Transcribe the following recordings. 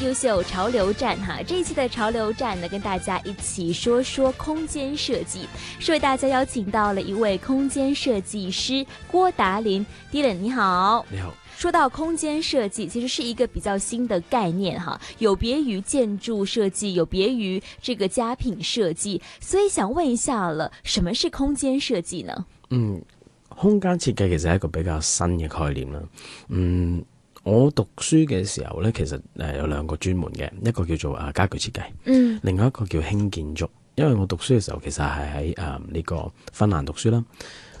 優秀潮流站哈，這一期的潮流站呢，跟大家一起說說空間設計，是為大家邀請到了一位空間設計師郭達林，Dylan，你好。你好。說到空間設計，其實是一個比較新的概念哈，有別於建築設計，有別於這個家品設計，所以想問一下了，什麼是空間設計呢？嗯，空間設計其實是一個比較新嘅概念，嗯。我讀書嘅時候呢，其實誒有兩個專門嘅，一個叫做啊傢俱設計，另外一個叫輕建築。因為我讀書嘅時候其實係喺誒呢個芬蘭讀書啦，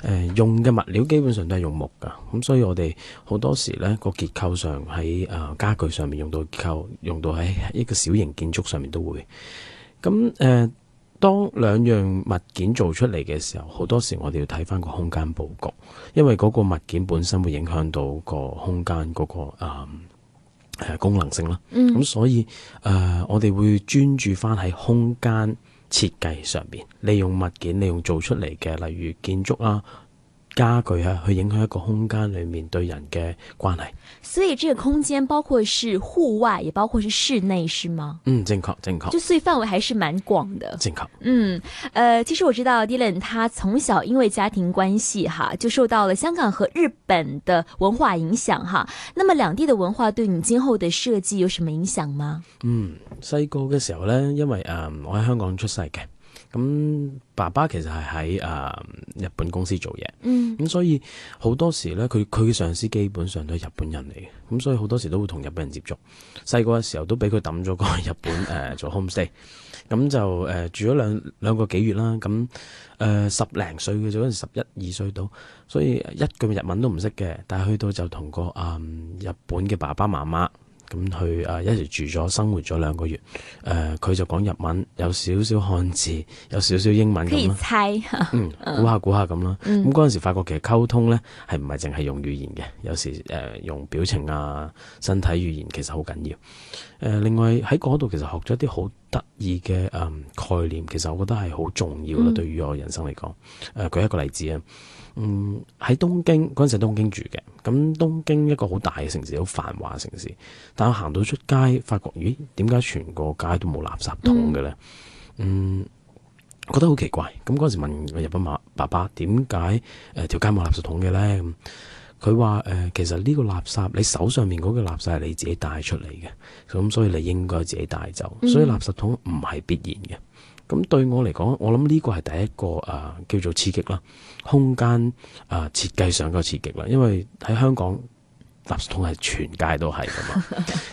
誒、嗯、用嘅物料基本上都係用木噶，咁、嗯、所以我哋好多時呢、呢個結構上喺誒傢俱上面用到結構，用到喺一個小型建築上面都會，咁、嗯、誒。嗯當兩樣物件做出嚟嘅時候，好多時我哋要睇翻個空間布局，因為嗰個物件本身會影響到個空間嗰、嗰個誒、呃呃、功能性啦。咁、嗯、所以誒、呃、我哋會專注翻喺空間設計上邊，利用物件，利用做出嚟嘅，例如建築啊。家具啊，去影響一個空間裏面對人嘅關係。所以，這個空間包括是戶外，也包括是室內，是嗎？嗯，正確，正確。就所以範圍還是蠻廣的，正確確。嗯，誒、呃，其實我知道 Dylan，他從小因為家庭關係，哈，就受到了香港和日本的文化影響，哈。那麼兩地的文化對你今後的設計有什麼影響嗎？嗯，細個嘅時候呢，因為誒、呃，我喺香港出世嘅。咁爸爸其實係喺誒日本公司做嘢，咁、嗯、所以好多時咧，佢佢嘅上司基本上都係日本人嚟嘅，咁所以好多時都會同日本人接觸。細個嘅時候都俾佢揼咗過去日本誒、呃、做 home stay，咁就誒、呃、住咗兩兩個月、呃、幾月啦。咁誒十零歲嘅，就嗰時十一二歲到，所以一句日文都唔識嘅。但係去到就同個誒、呃、日本嘅爸爸媽媽。咁去啊，一齊住咗生活咗兩個月，誒、呃，佢就講日文，有少少漢字，有少少英文咁啦，嗯，估下估下咁啦，咁嗰陣時發覺其實溝通呢，係唔係淨係用語言嘅，有時誒、呃、用表情啊、身體語言其實好緊要。誒、呃，另外喺嗰度其實學咗一啲好得意嘅誒概念，其實我覺得係好重要咯，嗯、對於我人生嚟講，誒、呃，舉一個例子啊。嗯，喺東京嗰陣時喺東京住嘅，咁東京一個好大嘅城市，好繁華嘅城市。但我行到出街，發覺咦，點解全個街都冇垃圾桶嘅咧？嗯，嗯覺得好奇怪。咁嗰陣時問我日本馬爸爸，點解誒條街冇垃圾桶嘅咧？佢話誒，其實呢個垃圾，你手上面嗰個垃圾係你自己帶出嚟嘅，咁所以你應該自己帶走，所以垃圾桶唔係必然嘅。嗯嗯咁對我嚟講，我諗呢個係第一個啊、呃，叫做刺激啦，空間啊、呃、設計上嘅刺激啦，因為喺香港，垃圾桶係全界都係㗎嘛。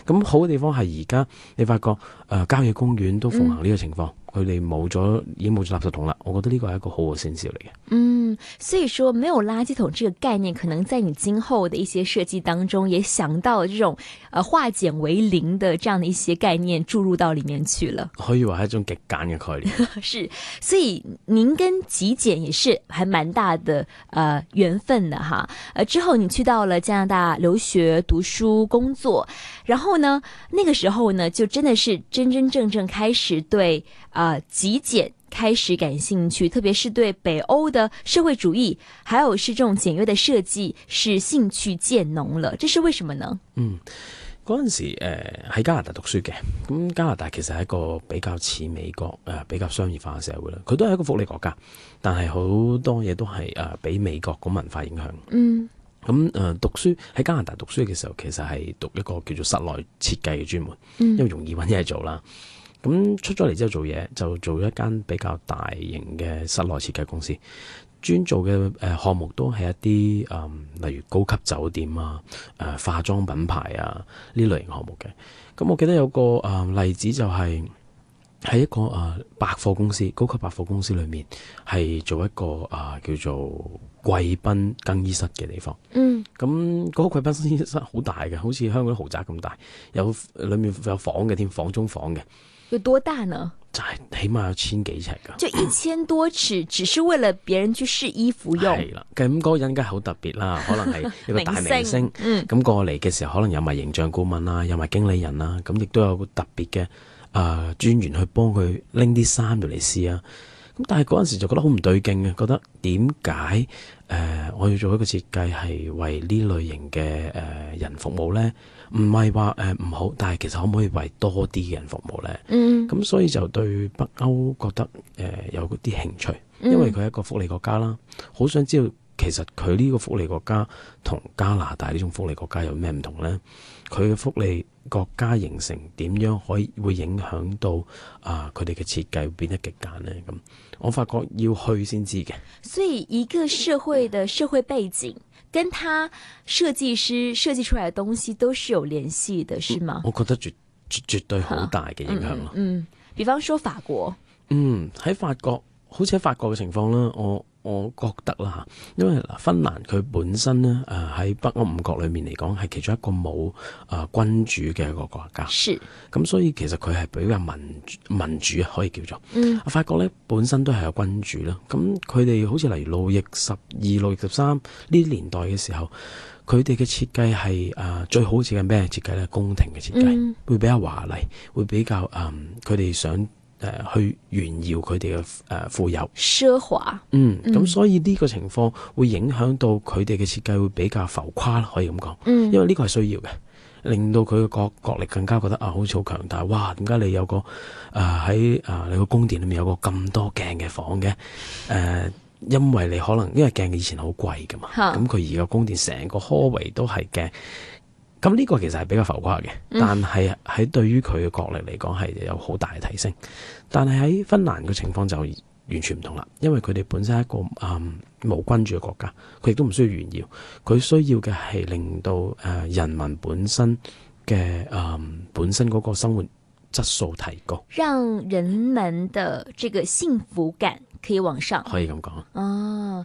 咁好嘅地方係而家你發覺，誒郊野公園都奉行呢個情況。嗯。佢哋冇咗，已經冇咗垃圾桶啦。我覺得呢個係一個好嘅先兆嚟嘅。嗯，所以說沒有垃圾桶這個概念，可能在你今後的一些設計當中，也想到這種，呃，化簡為零的這樣的一些概念注入到裏面去了。可以話係一種極簡嘅概念。 是，所以您跟極簡也是還蠻大的，呃，緣分的哈。呃，之後你去到了加拿大留學、讀書、工作，然後呢，那個時候呢，就真的是真真正正正開始對，啊、呃。啊，極簡開始感興趣，特別是對北歐的社會主義，還有是這種簡約的設計，是興趣漸濃了。這是為什麼呢？嗯，嗰陣時誒喺、呃、加拿大讀書嘅，咁加拿大其實係一個比較似美國誒、呃、比較商業化嘅社會啦。佢都係一個福利國家，但係好多嘢都係誒俾美國嘅文化影響。嗯，咁誒、嗯呃、讀書喺加拿大讀書嘅時候，其實係讀一個叫做室內設計嘅專門，因為容易揾嘢做啦。嗯咁出咗嚟之後做嘢，就做一間比較大型嘅室內設計公司，專做嘅誒項目都係一啲誒、嗯，例如高級酒店啊、誒、啊、化妝品牌啊呢類型項目嘅。咁我記得有個誒、啊、例子就係、是、喺一個誒百貨公司，高級百貨公司裏面係做一個誒、啊、叫做貴賓更衣室嘅地方。嗯，咁嗰個貴賓更衣室好大嘅，好似香港豪宅咁大，有裏面有房嘅添，房中房嘅。有多大呢？就係起碼有千幾尺噶就一千多尺，只 是為了別人去試衣服用。係啦，咁、那、嗰個人嘅好特別啦，可能係一個大明星，咁、 嗯、過嚟嘅時候，可能有埋形象顧問啊，有埋經理人啦、呃、啊，咁亦都有個特別嘅誒專員去幫佢拎啲衫入嚟試啊。咁但係嗰陣時就覺得好唔對勁嘅，覺得點解誒我要做一個設計係為呢類型嘅誒人服務呢？唔係話誒唔好，但係其實可唔可以為多啲嘅人服務咧？咁、嗯、所以就對北歐覺得誒、呃、有啲興趣，因為佢係一個福利國家啦，好、嗯、想知道其實佢呢個福利國家同加拿大呢種福利國家有咩唔同呢？佢嘅福利國家形成點樣可以會影響到啊佢哋嘅設計變得極簡呢？咁我發覺要去先知嘅。所以一個社會嘅社會背景。跟他設計師設計出來的東西都是有聯繫的，是嗎？嗯，我覺得絕絕絕對好大嘅影響咯。嗯，比方說法國，嗯喺法國，好似喺法國嘅情況啦，我。我覺得啦，因為嗱，芬蘭佢本身咧，誒喺北歐五國裏面嚟講，係其中一個冇誒君主嘅一個國家。咁是、嗯、所以其實佢係比較民主，民主可以叫做。嗯。法國咧本身都係有君主啦，咁佢哋好似嚟路易十二、路易十三呢啲年代嘅時候，佢哋嘅設計係誒、呃、最好似嘅咩設計咧？宮廷嘅設計會比較華麗，會比較誒佢哋想。誒、呃，去炫耀佢哋嘅誒富有奢華，嗯，咁、嗯、所以呢個情況會影響到佢哋嘅設計會比較浮誇，可以咁講，嗯，因為呢個係需要嘅，令到佢嘅角國力更加覺得啊，好似好強大，哇！點解你有個啊喺啊你個宮殿裏面有個咁多鏡嘅房嘅？誒、呃，因為你可能因為鏡以前好貴㗎嘛，咁佢而家宮殿成個 hallway 都係鏡。咁呢個其實係比較浮誇嘅，嗯、但係喺對於佢嘅國力嚟講係有好大嘅提升。但係喺芬蘭嘅情況就完全唔同啦，因為佢哋本身係一個嗯無君主嘅國家，佢亦都唔需要炫耀，佢需要嘅係令到誒、呃、人民本身嘅嗯、呃、本身嗰個生活質素提高，讓人們的這個幸福感可以往上。可以咁講。哦。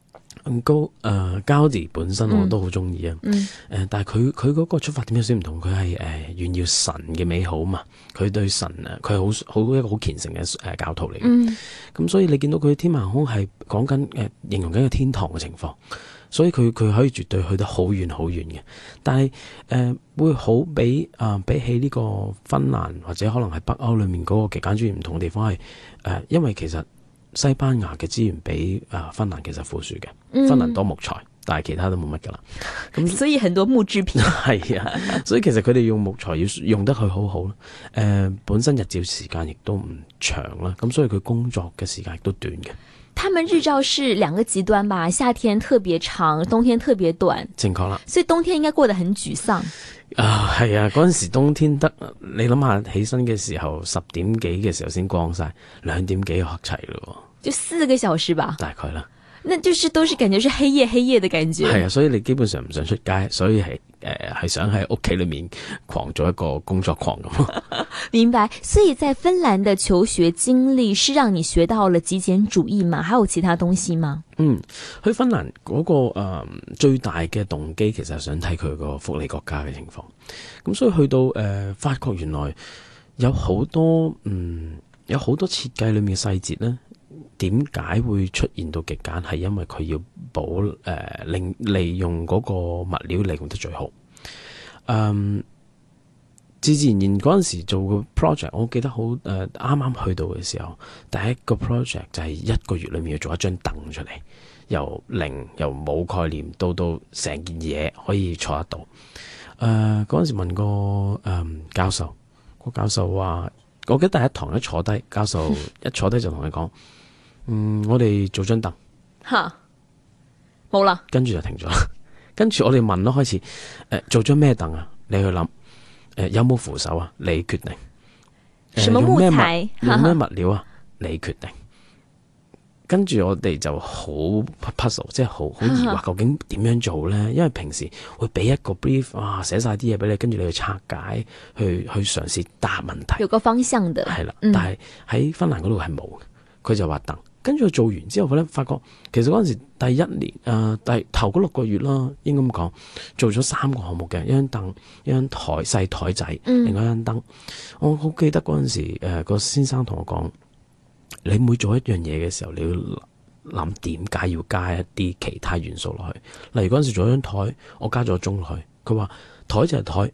高誒、uh, Gaudi 本身我都好中意啊！誒、嗯，uh, 但係佢佢嗰個出發點有少唔同，佢係誒炫耀神嘅美好嘛。佢對神啊，佢好好一個好虔誠嘅誒教徒嚟嘅。咁、嗯、所以你見到佢天馬行空係講緊誒形容緊一個天堂嘅情況，所以佢佢可以絕對去得好遠好遠嘅。但係誒、呃、會好比啊、呃、比起呢個芬蘭或者可能係北歐裏面嗰個極簡主義唔同嘅地方係誒、呃，因為其實。西班牙嘅資源比啊芬蘭其實富庶嘅。嗯、芬蘭多木材，但係其他都冇乜噶啦。咁所以很多木製品係啊，所以其實佢哋用木材要用得佢好好咯。誒、呃，本身日照時間亦都唔長啦，咁所以佢工作嘅時間亦都短嘅。他們日照是兩個極端吧，夏天特別長，冬天特別短。正確啦，所以冬天應該過得很沮喪。呃、啊，係啊，嗰陣時冬天得，你諗下起身嘅時候十點幾嘅時候先光晒，兩點幾黑齊咯，就四個小時吧，大概啦。那就是都是感覺是黑夜黑夜的感覺。係啊，所以你基本上唔想出街，所以係誒係想喺屋企裏面狂做一個工作狂咁。 明白，所以在芬蘭的求學經歷是讓你學到了極簡主義嘛？還有其他東西嗎？嗯，去芬蘭嗰、那個誒、呃、最大嘅動機其實係想睇佢個福利國家嘅情況。咁所以去到誒發覺原來有好多嗯有好多設計裏面細節呢。點解會出現到極簡？係因為佢要保誒、呃，令利用嗰個物料利用得最好。嗯，自自然然嗰陣時做個 project，我記得、呃、好誒，啱啱去到嘅時候，第一個 project 就係一個月裏面要做一張凳出嚟，由零由冇概念，到到成件嘢可以坐得到。誒、呃，嗰陣時問過誒、呃、教授，個教授話我記得第一堂一坐低，教授一坐低就同佢講。 嗯，我哋做張凳吓，冇啦，跟住就停咗。跟住我哋問咯，開始誒，做張咩凳啊？你去諗誒，有冇扶手啊？你決定。咩木材？用咩物料啊？你決定。跟住我哋就好 puzzle，即係好好疑惑，究竟點樣做咧？因為平時會俾一個 brief，哇，寫晒啲嘢俾你，跟住你去拆解，去去嘗試答問題。有個方向嘅，係啦，但係喺芬蘭嗰度係冇嘅，佢就話凳。跟住我做完之後呢，我咧發覺其實嗰陣時第一年誒、呃、第頭嗰六個月啦，應該咁講，做咗三個項目嘅一張凳、一張台、細台仔，另外一張燈。嗯、我好記得嗰陣時誒、呃嗰個先生同我講：你每做一樣嘢嘅時候，你要諗點解要加一啲其他元素落去。例如嗰陣時做一張台，我加咗鐘落去。佢話台就係台，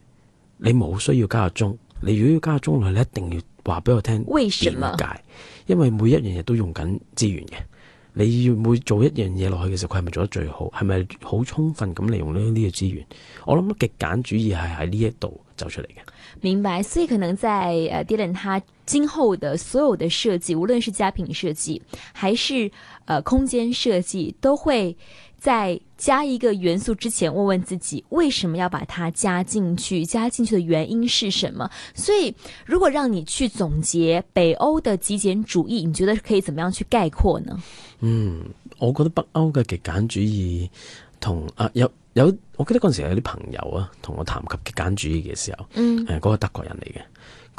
你冇需要加個鐘。你如果要加個鐘落去，你一定要。話俾我聽點解？為什麼因為每一樣嘢都用緊資源嘅，你要每做一樣嘢落去嘅時候，佢係咪做得最好？係咪好充分咁利用呢個資源？我諗極簡主義係喺呢一度走出嚟嘅。明白，所以可能在誒、呃、Dylan 他今後的所有的設計，無論是家庭設計，還是誒、呃、空間設計，都會。在加一個元素之前，問問自己為什麼要把它加進去？加進去的原因是什麼？所以，如果讓你去總結北歐的極簡主義，你覺得可以怎麼樣去概括呢？嗯，我覺得北歐嘅極簡主義同啊有有，我記得嗰陣時有啲朋友啊，同我談及極簡主義嘅時候，嗰、嗯呃嗰個德國人嚟嘅，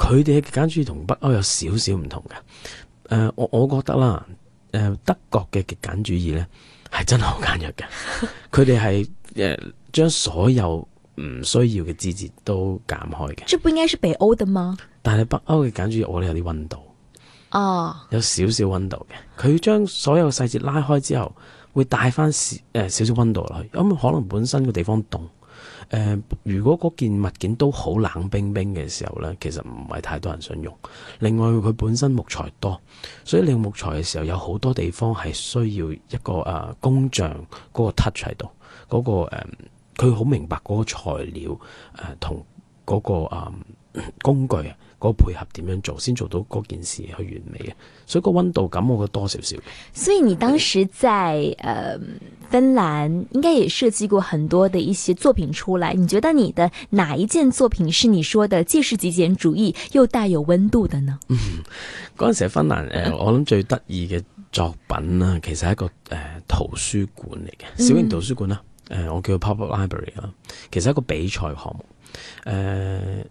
佢哋嘅極簡主義北歐小小同北歐有少少唔同嘅。誒，我我覺得啦，誒、呃，德國嘅極簡主義呢。係真係好簡約嘅，佢哋係誒將所有唔需要嘅枝節都減開嘅。即本應該係北歐嘅嗎？但係北歐嘅簡主我哋有啲溫度，哦，oh. 有少少溫度嘅。佢將所有細節拉開之後，會帶翻少誒少少溫度落去，因、嗯、可能本身個地方凍。誒、呃，如果嗰件物件都好冷冰冰嘅時候咧，其實唔係太多人想用。另外佢本身木材多，所以你用木材嘅時候有好多地方係需要一個誒、呃、工匠嗰、嗰個 touch 喺度，嗰個佢好明白嗰個材料誒、呃、同嗰、嗰個啊、呃、工具啊。嗰配合點樣做，先做到嗰件事係完美嘅，所以個溫度感我覺得多少少。所以你當時在誒、呃、芬蘭，應該也設計過很多的一些作品出來。你覺得你的哪一件作品是你說的既是極簡主義，又帶有溫度的呢？嗰陣 時喺芬蘭誒、呃，我諗最得意嘅作品啦、啊，其實係一個誒、呃、圖書館嚟嘅小型圖書館啦、啊。誒、嗯呃，我叫 public library 啦，其實一個比賽項目誒。呃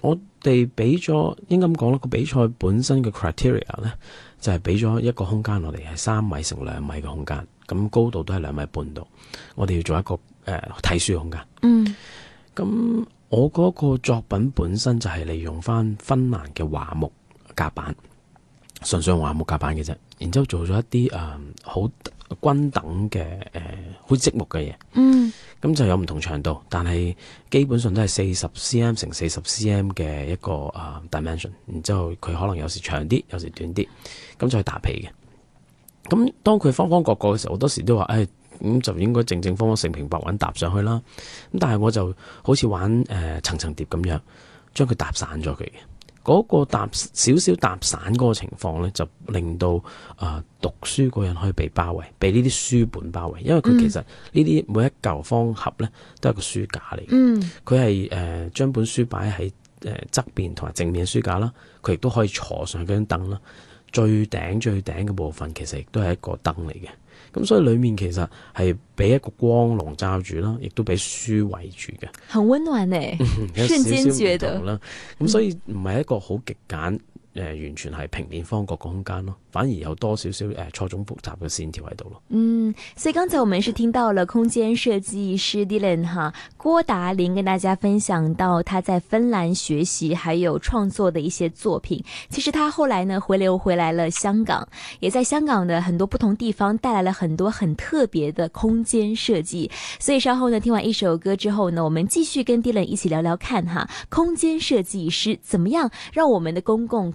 我哋俾咗，應該咁講啦，個比賽本身嘅 criteria 呢，就係俾咗一個空間落嚟，係三米乘兩米嘅空間，咁高度都係兩米半度。我哋要做一個誒，睇、呃、書空間。嗯，咁我嗰個作品本身就係利用翻芬蘭嘅樺木夾板，純粹樺木夾板嘅啫。然之後做咗一啲誒，好、呃。均等嘅誒、呃，好似積木嘅嘢，咁、嗯、就有唔同長度，但係基本上都係四十 cm 乘四十 cm 嘅一個啊、呃、dimension，然之後佢可能有時長啲，有時短啲，咁就係搭皮嘅。咁、嗯、當佢方方角角嘅時候，好多時都話：哎，咁就應該正正方方，成平白穩搭上去啦。咁但係我就好似玩誒層層疊咁樣，將佢搭散咗佢嘅。嗰個搭少少搭散嗰個情況咧，就令到啊、呃、讀書個人可以被包圍，被呢啲書本包圍，因為佢其實呢啲、嗯、每一嚿方盒咧都係個書架嚟嘅。佢係誒將本書擺喺誒側邊同埋正面書架啦，佢亦都可以坐上嗰張凳啦。最頂最頂嘅部分其實亦都係一個燈嚟嘅，咁所以裡面其實係俾一個光籠罩住啦，亦都俾書圍住嘅。很溫暖呢，瞬間覺得啦，咁所以唔係一個好極簡。嗯誒、呃、完全係平面方角空間咯，反而有多少少誒錯綜複雜嘅線條喺度咯。嗯，所以剛才我們是聽到了空間設計師 Dylan 哈郭達林跟大家分享到他在芬蘭學習，還有創作的一些作品。其實他後來呢回流回來了香港，也在香港的很多不同地方帶來了很多很特別嘅空間設計。所以稍後呢聽完一首歌之後呢，我們繼續跟 Dylan 一起聊聊看哈空間設計師點樣讓我們的公共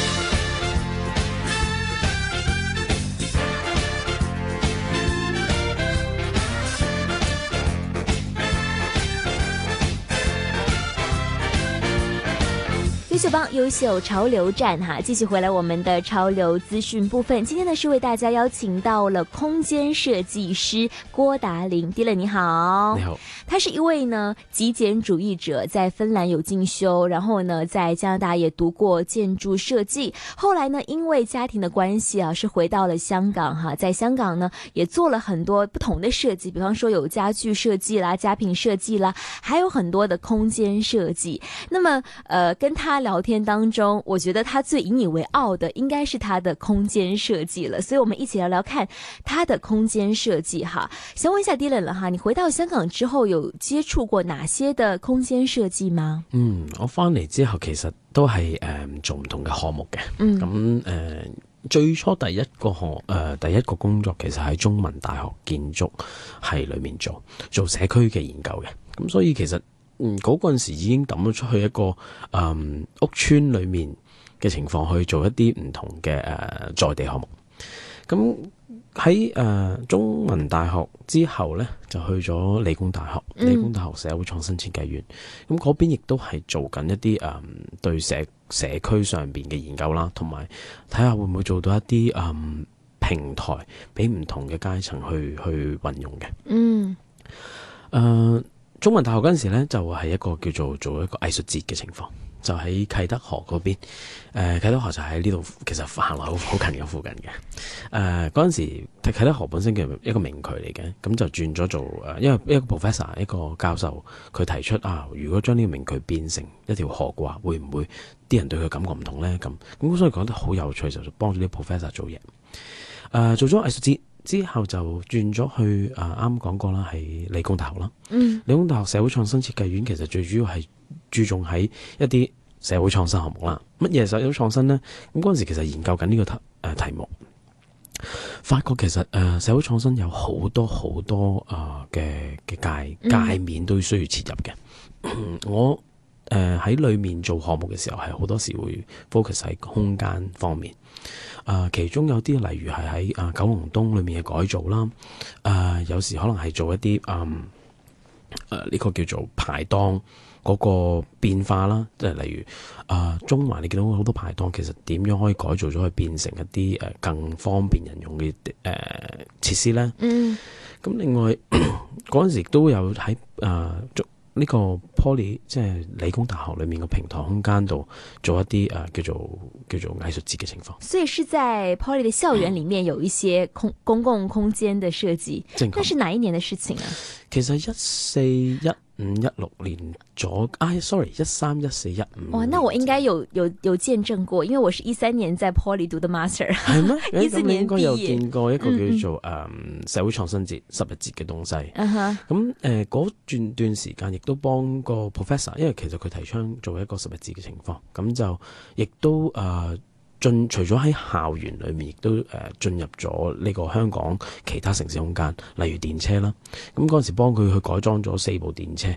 秀邦優秀潮流站哈、啊，繼續回來我們的潮流資訊部分。今天呢是為大家邀請到了空間設計師郭達林迪 a 你好，你好。他好是一位呢極簡主義者，在芬蘭有進修，然後呢在加拿大也讀過建築設計，後來呢因為家庭的關係啊，是回到了香港哈、啊，在香港呢也做了很多不同的設計，比方說有家具設計啦、家品設計啦，還有很多的空間設計。那麼，呃，跟他聊。聊天當中，我覺得他最引以為傲的應該是他的空間設計了，所以我們一起聊聊看他的空間設計哈。想問一下 Dylan 啦，哈，你回到香港之後有接觸過哪些的空間設計嗎？嗯，我翻嚟之後其實都係誒做唔同嘅項目嘅。嗯，咁誒、嗯嗯、最初第一個學誒、呃、第一個工作其實喺中文大學建築系裏面做做社區嘅研究嘅，咁、嗯、所以其實。嗰、嗯嗰個陣時已經抌咗出去一個誒、嗯、屋村裏面嘅情況去做一啲唔同嘅誒、呃、在地項目。咁喺誒中文大學之後呢，就去咗理工大學，理工大學社會創新設計院。咁嗰邊亦都係做緊一啲誒、嗯、對社社區上邊嘅研究啦，同埋睇下會唔會做到一啲誒平台俾唔同嘅階層去去運用嘅。嗯，誒。中文大學嗰陣時咧，就係、是、一個叫做做一個藝術節嘅情況，就喺、是、啟德河嗰邊。誒、呃，啟德河就喺呢度，其實行路好好近嘅附近嘅。誒、呃，嗰陣時啟德河本身嘅一個名渠嚟嘅，咁就轉咗做誒，因為一個，個 professor 一個教授，佢提出啊，如果將呢個名渠變成一條河嘅話，會唔會啲人對佢感覺唔同咧？咁咁所以講得好有趣，就幫助啲 professor 做嘢。誒、呃，做咗藝術節。之後就轉咗去誒，啱、呃、講過啦，係理工大學啦。嗯，理工大學社會創新設計院其實最主要係注重喺一啲社會創新項目啦。乜嘢社會創新呢？咁嗰陣時其實研究緊呢個題誒題目，發覺其實誒、呃、社會創新有好多好多誒嘅嘅界、嗯、界面都需要切入嘅、嗯。我。誒喺裏面做項目嘅時候，係好多時會 focus 喺空間方面。啊、呃，其中有啲例如係喺啊九龍東裏面嘅改造啦。啊、呃，有時可能係做一啲嗯誒呢、呃這個叫做排檔嗰個變化啦。即係例如啊、呃、中環，你見到好多排檔，其實點樣可以改造咗去變成一啲誒、呃、更方便人用嘅誒、呃、設施咧？嗯。咁另外嗰陣 時都有喺啊呢個，Poly 即係理工大學裏面個平台空間度做一啲誒、呃、叫做叫做藝術節嘅情況，所以是在 Poly 嘅校園裏面有一些空、嗯、公共空間嘅設計。正確硬，那是哪一年嘅事情啊？其實一四一五一六年左，哎，sorry，一三一四一五。哇，那我應該有有有，有見證過，因為我是一三年在 Poly 讀嘅 Master，係咩嗎？一四 年應該有見過一個叫做誒、嗯嗯、社會創新節、十日節嘅東西。啊哈、uh，咁誒嗰段段時間亦都幫。個 professor，因為其實，佢提倡做一個實日字嘅情況，咁就亦都誒、呃進除咗喺校園裏面，亦都誒、呃、進入咗呢個香港其他城市空間，例如電車啦。咁嗰陣時幫佢去改裝咗四部電車，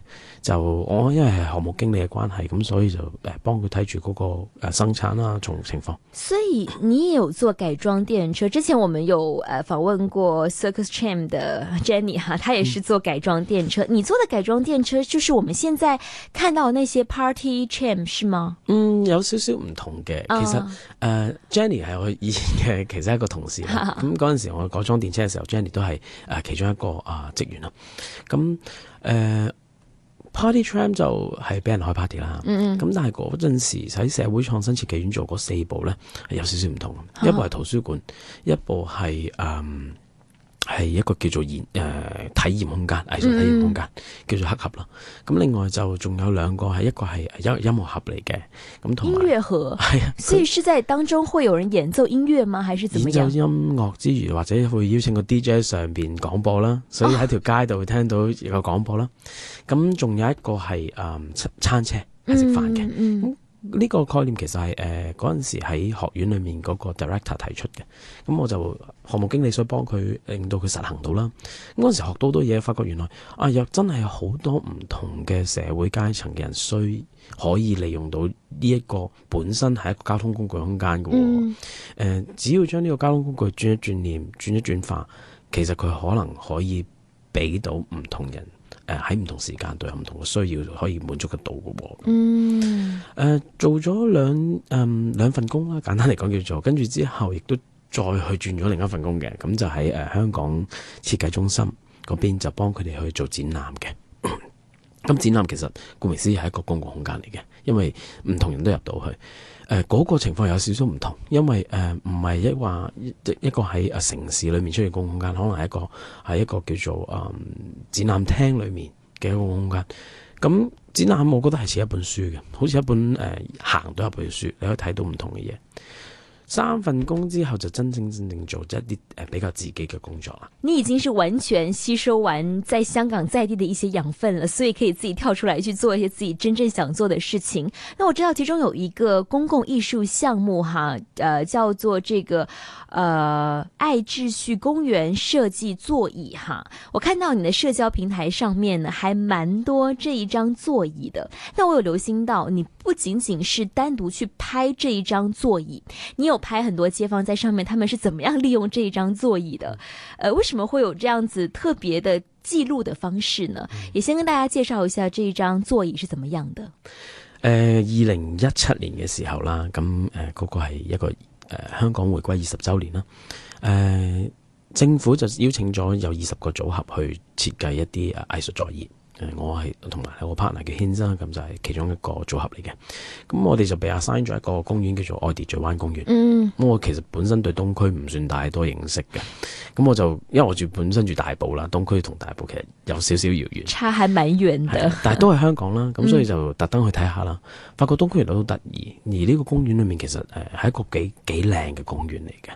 就我、嗯、因為係項目經理嘅關係，咁所以就誒幫佢睇住嗰個、呃、生產啦、啊、從情況。所以你有做改裝電車，之前我們有誒訪問過 Circus Cham 的 Jenny 哈，他也是做改裝電車。嗯、你做的改裝電車，就是我們現在看到的那些 Party Cham 是嗎？嗯，有少少唔同嘅，其實、嗯誒、uh, Jenny 係我以前嘅，其實係一個同事啦。咁嗰陣時我改裝電車嘅時候，Jenny 都係誒、呃、其中一個啊、呃、 職員、呃 party、啦。咁誒 Party Tram 就係俾人開 party 啦。咁但係嗰陣時喺社會創新設計院做嗰四部咧，有少少唔同。一部係圖書館， 一部係誒。嗯係一個叫做演誒、呃、體驗空間，藝術體驗空間叫做黑盒啦。咁、啊、另外就仲有兩個係一個係音樂、嗯、音樂盒嚟嘅，咁同音樂盒係啊。所以是在當中會有人演奏音樂嗎？還是怎樣演奏音樂之餘或者會邀請個 DJ 上邊廣播啦，所以喺條街度聽到有個廣播啦。咁仲、啊、有一個係誒、呃、餐車，係食飯嘅。嗯嗯呢個概念其實係誒嗰陣時喺學院裏面嗰個 director 提出嘅，咁我就項目經理所幫佢令到佢實行到啦。嗰陣時學到好多嘢，發覺原來啊，若真係好多唔同嘅社會階層嘅人需可以利用到呢一個本身係一個交通工具空間嘅，誒、嗯呃、只要將呢個交通工具轉一轉念、轉一轉化，其實佢可能可以俾到唔同人。誒，喺唔、呃、同時間都有唔同嘅需要可以滿足得到嘅。嗯，誒，做咗兩誒兩份工啦，簡單嚟講叫做，跟住之後亦都再去轉咗另一份工嘅。咁就喺誒、呃、香港設計中心嗰邊就幫佢哋去做展覽嘅。咁 展覽其實顧名思義係一個公共空間嚟嘅，因為唔同人都入到去。誒，嗰、呃那個情況有少少唔同，因為誒唔係一話一個喺城市裏面出現個空間，可能係一個係一個叫做誒、呃、展覽廳裏面嘅一個空間。咁、嗯、展覽我覺得係似一本書嘅，好似一本誒行到入去嘅書，你可以睇到唔同嘅嘢。三份工之後就真真正正做一啲誒比較自己嘅工作啦。你已經是完全吸收完在香港在地的一些養分了，所以可以自己跳出來去做一些自己真正想做的事情。那我知道其中有一個公共藝術項目哈，呃，叫做這個呃愛秩序公園設計座椅哈。我看到你的社交平台上面呢，還蠻多這一張座椅的。但我有留心到你。不僅僅是單獨去拍這一張座椅，你有拍很多街坊在上面，他們是怎麼樣利用這一張座椅的？呃，為什麼會有這樣子特別的記錄的方式呢？嗯、也先跟大家介紹一下這一張座椅是怎麼樣的。誒、呃，二零一七年嘅時候啦，咁誒嗰個係一個誒、呃、香港回歸二十周年啦，誒、呃、政府就邀請咗有二十個組合去設計一啲誒藝術座椅。我係同埋係我 partner 嘅 Hans，咁就係其中一個組合嚟嘅。咁我哋就被 assign 咗一個公園叫做愛秩序灣公園。嗯，咁我其實本身對東區唔算太多認識嘅。咁我就因為我住本身住大埔啦，東區同大埔其實有少少遙遠，差係咪遠的。但係都係香港啦，咁所以就特登去睇下啦。嗯、發覺東區原來好得意，而呢個公園裏面其實誒係一個幾幾靚嘅公園嚟嘅。誒、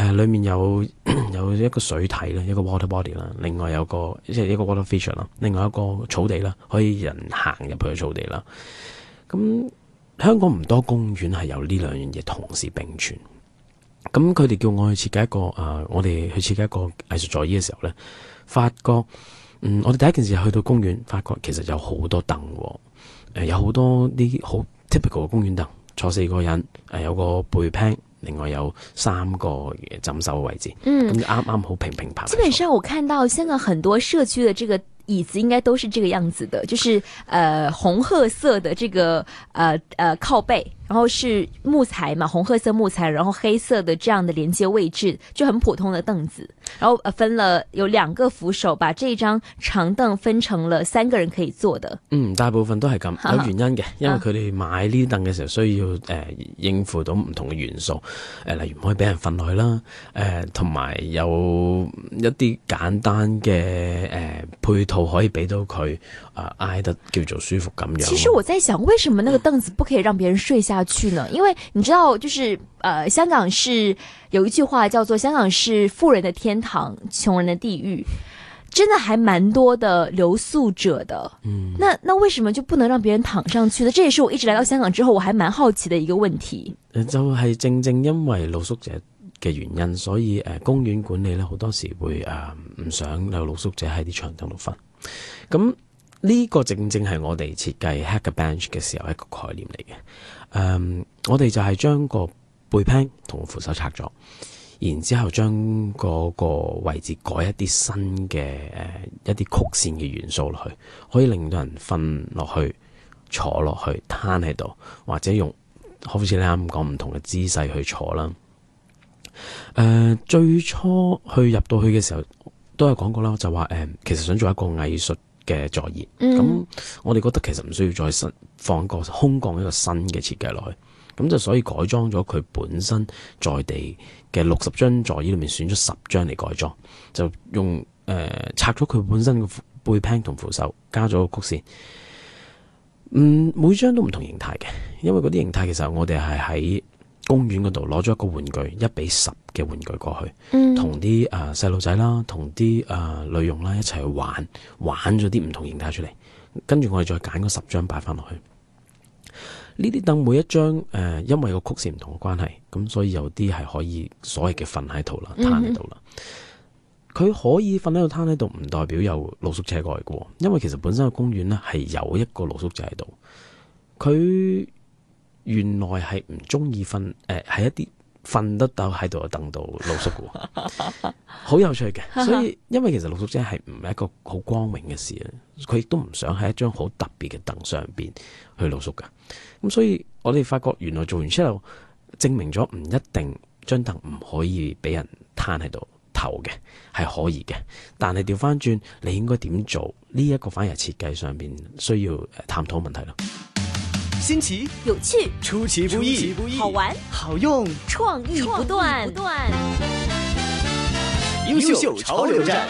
呃，裡面有 有一個水體啦，一個 water body 啦，另外有個即係一個 water feature 啦，另外一個。草地啦，可以人行入去草地啦。咁、嗯、香港唔多公園係有呢兩樣嘢同時並存。咁佢哋叫我去設計一個誒、呃，我哋去設計一個藝術座椅嘅時候咧，發覺嗯，我哋第一件事去到公園，發覺其實有好多凳，誒、呃，有好多啲好 typical 嘅公園凳，坐四個人，誒、呃，有個背 pack，另外有三個嘅枕手嘅位置，嗯，咁啱啱好平平拍。基本上我看到香港很多社區嘅這個。椅子應該都是這個樣子的，就是，呃，紅褐色的這個呃，呃，靠背。然後是木材嘛，紅褐色木材，然後黑色的這樣的連接位置，就很普通的凳子。然後分了有兩個扶手，把這張長凳分成了三個人可以坐的。嗯，大部分都係咁，好好有原因嘅，因為佢哋買呢凳嘅時候需要誒、啊呃、應付到唔同嘅元素，誒、呃、例如可以俾人瞓落去啦，誒同埋有一啲簡單嘅誒、呃、配套可以俾到佢誒、呃、挨得叫做舒服咁樣。其實我在想，為什麼那個凳子不可以讓別人睡下？ 下去呢？因為你知道，就是，誒、呃，香港是有一句話叫做“香港是富人的天堂，窮人的地獄”，真的還蠻多的露宿者的。嗯，那那為什麼就不能讓別人躺上去呢？這也是我一直來到香港之後，我還蠻好奇的一個問題。呃、就係、是、正正因為露宿者嘅原因，所以、呃、公園管理呢，好多時會啊唔、呃、想留露宿者喺啲長凳度瞓。咁、嗯嗯呢個正正係我哋設計 Hacka Bench 嘅時候一個概念嚟嘅。誒、um，我哋就係將個背板同扶手拆咗，然之後將嗰個位置改一啲新嘅誒、呃、一啲曲線嘅元素落去，可以令到人瞓落去、坐落去、攤喺度，或者用好似你啱講唔同嘅姿勢去坐啦。誒、uh，最初去入到去嘅時候，都有講過啦，就話誒、呃，其實想做一個藝術嘅座椅，咁我哋覺得其實唔需要再新放一個、空降一個新嘅設計落去，咁就所以改裝咗佢本身在地嘅六十張座椅裏面，選咗十張嚟改裝，就用誒、呃、拆咗佢本身嘅背 pan 同扶手，加咗個曲線。嗯，每張都唔同形態嘅，因為嗰啲形態其實我哋係喺。公園嗰度攞咗一個玩具，一比十嘅玩具過去，同啲誒細路仔啦，同啲誒女傭啦一齊去、呃、玩，玩咗啲唔同形態出嚟。跟住我哋再揀嗰十張擺翻落去。呢啲凳每一張誒、呃，因為個曲線唔同嘅關係，咁所以有啲係可以所謂，所謂嘅瞓喺度啦，攤喺度啦。佢可以瞓喺度攤喺度，唔代表有露宿者過嚟嘅。因為其實本身個公園呢係有一個露宿者喺度，佢。原來係唔中意瞓，誒、呃、係一啲瞓得到喺度凳度露宿嘅，好有趣嘅。所以因為其實露宿者係唔係一個好光榮嘅事啊，佢亦都唔想喺一張好特別嘅凳上邊去露宿嘅。咁所以我哋發覺原來做完之後證明咗唔一定張凳唔可以俾人攤喺度頭嘅係可以嘅，但係調翻轉你應該點做？呢、這、一個反而係設計上邊需要誒探討問題咯。新奇有趣氣，出其不意，好玩，好用，創意不斷，不斷，優秀潮流站。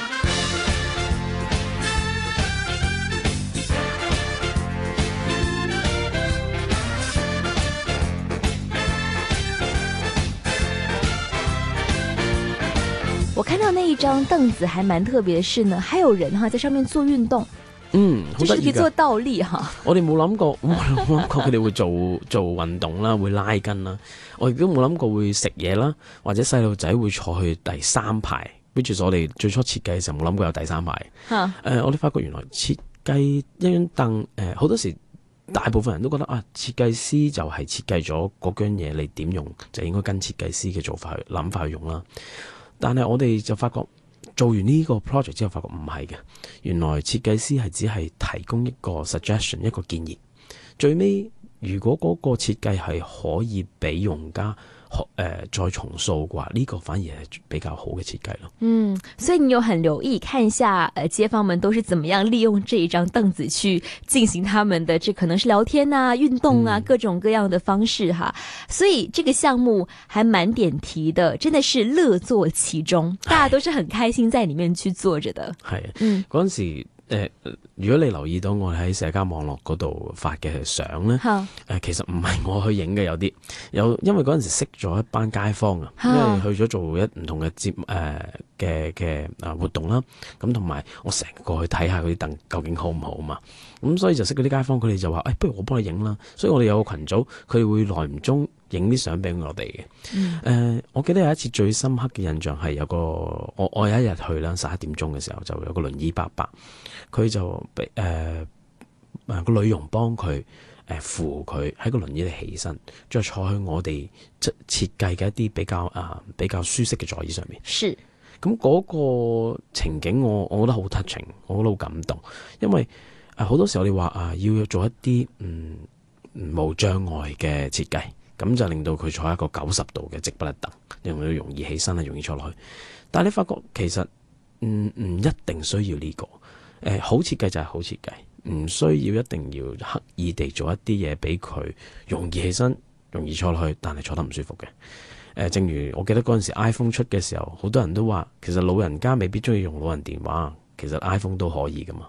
我看到那一張凳子還蠻特別，是呢，還有人哈在上面做運動。嗯，好得意嘅。 我哋冇諗過，冇諗過佢哋會做做運動啦，會拉筋啦。我亦都冇諗過會食嘢啦，或者細路仔會坐去第三排。which is 我哋最初設計嘅時候冇諗過有第三排。嚇！誒，我哋發覺原來設計一張凳誒，好多時大部分人都覺得啊，設計師就係設計咗嗰樣嘢你點用，就應該跟設計師嘅做法去諗法去用啦。但係我哋就發覺。做完呢個 project 之後，發覺唔係嘅，原來設計師係只係提供一個 suggestion，一個建議。最尾如果嗰個設計係可以俾用家。誒、再重塑啩，呢、這個反而係比較好嘅設計咯。嗯，所以你有很留意，看一下誒、呃，街坊們都是怎麼樣利用這一張凳子去進行他們的，這可能是聊天啊、運動啊，各種各樣的方式哈。嗯、所以這個項目還蠻點題的，真的是樂坐其中，大家都是很開心在裏面去坐着的。係是，嗯，嗰陣時。誒、呃，如果你留意到我喺社交網絡嗰度發嘅相咧，誒好、呃、其實唔係我去影嘅有啲，有，有因為嗰陣時識咗一班街坊啊，好因為去咗做一唔同嘅節誒嘅嘅啊活動啦，咁同埋我成個去睇下嗰啲凳究竟好唔好嘛，咁、嗯、所以就識嗰啲街坊，佢哋就話誒、哎，不如我幫你影啦，所以我哋有個群組，佢會耐唔中。影啲相俾我哋嘅。誒、呃，我記得有一次最深刻嘅印象係有個我我有一日去啦，十一點鐘嘅時候就有個輪椅伯伯，佢就誒誒個女傭幫佢誒扶佢喺個輪椅度起身，再坐喺我哋設設計嘅一啲比較啊、呃、比較舒適嘅座椅上面。咁嗰是個情景，我我覺得好 touching，我覺得好感動，因為呃、好多時候你話啊，要做一啲嗯冇障礙嘅設計。咁就令到佢坐一個九十度嘅直筆甩凳，令到容易起身，係容易坐落去。但係你發覺其實唔唔、嗯、一定需要呢、呢個誒、呃、好設計就係好設計，唔需要一定要刻意地做一啲嘢俾佢容易起身、容易坐落去，但係坐得唔舒服嘅誒、呃。正如我記得嗰陣時 iPhone 出嘅時候，好多人都話其實老人家未必鍾意用老人電話，其實 iPhone 都可以㗎嘛。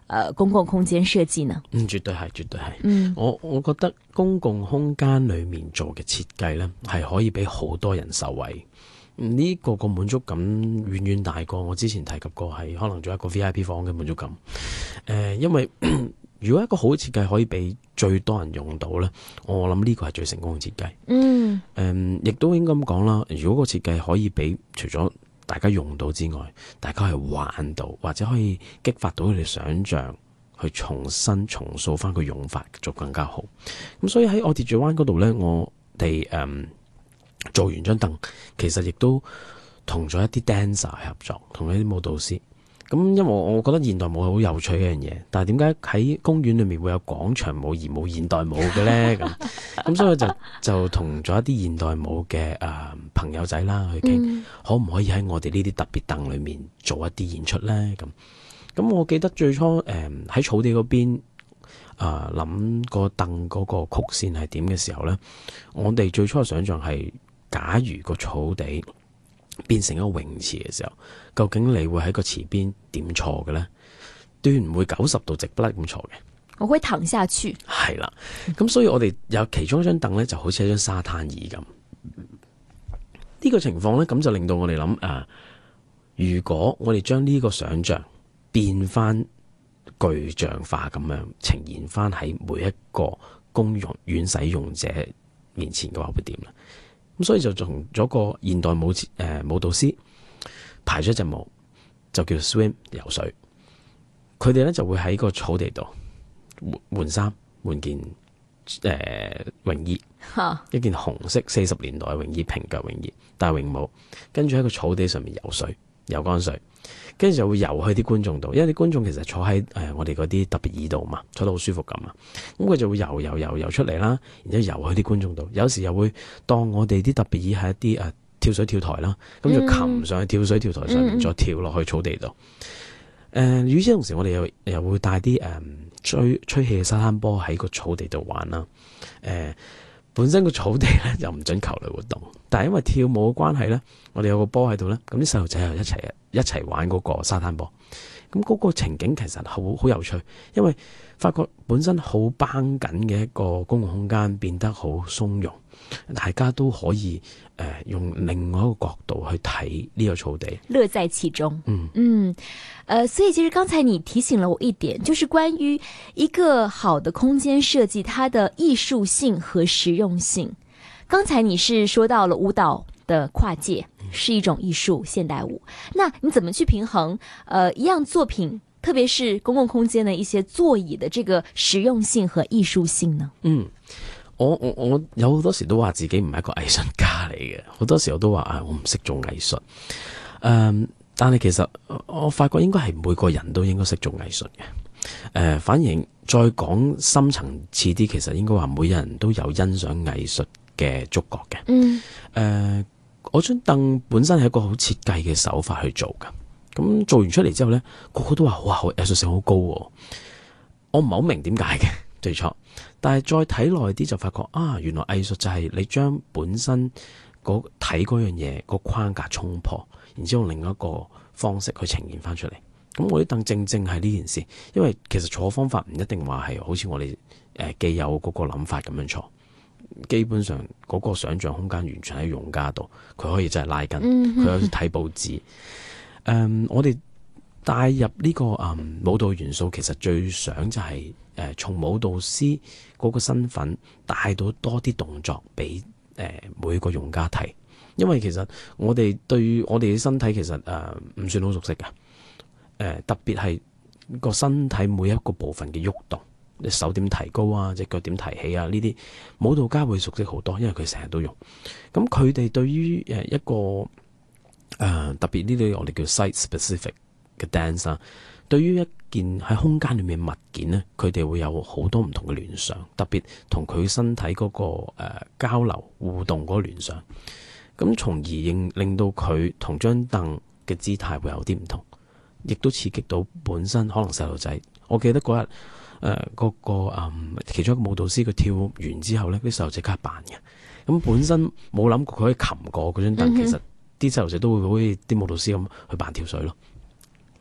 誒，公共空間設計呢？嗯，絕對係，絕對係。嗯，我我覺得公共空間裏面做嘅設計呢，係可以俾好多人受惠。呢、嗯這個個滿足感遠遠大過我之前提及過係可能做一個 VIP 房嘅滿足感。誒、呃，因為如果一個好設計可以俾最多人用到呢，我諗呢個係最成功嘅設計。嗯。誒、嗯，亦都應該咁講啦。如果個設計可以俾除咗，大家用到之外，大家係玩到，或者可以激發到佢哋想象，去重新重塑翻個用法，做更加好。咁、嗯、所以喺我疊住灣度咧，我哋誒、um, 做完張凳，其實亦都同咗一啲 dancer 合作，同一啲舞蹈師。咁因為我我覺得現代舞係好有趣嘅一樣嘢，但係點解喺公園裏面會有廣場舞而冇現代舞嘅咧？咁咁 所以就就同咗一啲現代舞嘅誒、呃、朋友仔啦，去傾、嗯、可唔可以喺我哋呢啲特別凳裏面做一啲演出咧？咁咁我記得最初誒喺、呃、草地嗰邊啊，諗個凳嗰個曲線係點嘅時候咧，我哋最初嘅想像係假如個草地，變成一個泳池嘅時候，究竟你會喺個池邊點坐嘅呢？都唔會九十度直筆甩咁坐嘅。我會躺下去。係啦，咁所以我哋有其中一張凳呢，就好似一張沙灘椅咁。呢個情況呢，咁就令到我哋諗誒，如果我哋將呢個想象變翻具象化咁樣呈現翻喺每一個公用院使用者面前嘅話，會點咧？所以就從咗個現代舞誒、呃、舞蹈師排咗一隻舞，就叫 swim 游水。佢哋咧就會喺個草地度換換衫，換件誒、呃、泳衣，一件紅色四十年代泳衣平腳泳衣，戴泳帽，跟住喺個草地上面游水，游乾水，游乾水。跟住就會游去啲觀眾度，因為啲觀眾其實坐喺誒、呃、我哋嗰啲特別椅度嘛，坐到好舒服咁啊！咁、嗯、佢就會游游游游出嚟啦，然之後游去啲觀眾度。有時又會當我哋啲特別椅係一啲誒、呃、跳水跳台啦，咁就擒上去跳水跳台上面，再跳落去草地度。誒、呃，與此同時我，我哋又又會帶啲誒吹吹氣嘅沙灘波喺個草地度玩啦。誒、呃，本身個草地咧又唔準球類活動，但係因為跳舞嘅關係咧，我哋有個波喺度咧，咁啲細路仔又一齊一齊玩嗰個沙灘波，咁、嗯、嗰、那個情景其實好好有趣，因為發覺本身好繃緊嘅一個公共空間變得好鬆容，大家都可以誒、呃、用另外一個角度去睇呢個草地，樂在其中，嗯嗯，所以其實剛才你提醒了我一點，就是關於一個好的空間設計，它的藝術性和實用性。剛才你是說到了舞蹈。的跨界是一種藝術現代舞，那你怎麼去平衡？呃，一樣作品，特別是公共空間的一些座椅的這個實用性和藝術性呢？嗯，我我我有好多時都話自己唔係一個藝術家嚟嘅，好多時候都話啊，我唔識做藝術。誒、呃，但係其實我發覺應該係每個人都應該識做藝術嘅。誒、呃，反而再講深層次啲，其實應該話每人都有欣賞藝術嘅觸覺嘅。嗯。誒、呃。我張凳本身係一個好設計嘅手法去做㗎，咁做完出嚟之後呢，個個都話好啊，藝術性好高，哦。我唔係好明點解嘅，最初。但係再睇耐啲就發覺啊，原來藝術就係你將本身個睇嗰樣嘢個框架衝破，然之後用另一個方式去呈現翻出嚟。咁我啲凳正正係呢件事，因為其實坐方法唔一定話係好似我哋誒、呃、既有嗰個諗法咁樣坐。基本上嗰個想象空間完全喺用家度，佢可以真係拉筋，佢可以睇報紙。誒、 嗯，我哋帶入呢、這個誒、嗯、舞蹈元素，其實最想就係誒從舞蹈師嗰個身份帶到多啲動作俾誒、呃、每個用家睇，因為其實我哋對我哋嘅身體其實誒唔、呃、算好熟悉嘅，誒、呃、特別係個身體每一個部分嘅喐動。手點提高啊，隻腳點提起啊？呢啲舞蹈家會熟悉好多，因為佢成日都用。咁佢哋對於誒一個誒、呃、特別呢啲我哋叫 site specific 嘅 dance 啊，對於一件喺空間裏面物件咧，佢哋會有好多唔同嘅聯想，特別同佢身體嗰、嗰個、呃、交流互動嗰個聯想。咁從而令令到佢同張凳嘅姿態會有啲唔同，亦都刺激到本身可能細路仔。我記得嗰日，誒、呃、嗰、嗰個、嗯、其中一個舞蹈師，佢跳完之後咧，啲細路仔即刻扮嘅。咁本身冇諗過佢可以擒過嗰張凳，mm hmm. 其實啲細路仔都會好似啲舞蹈師咁去扮跳水咯。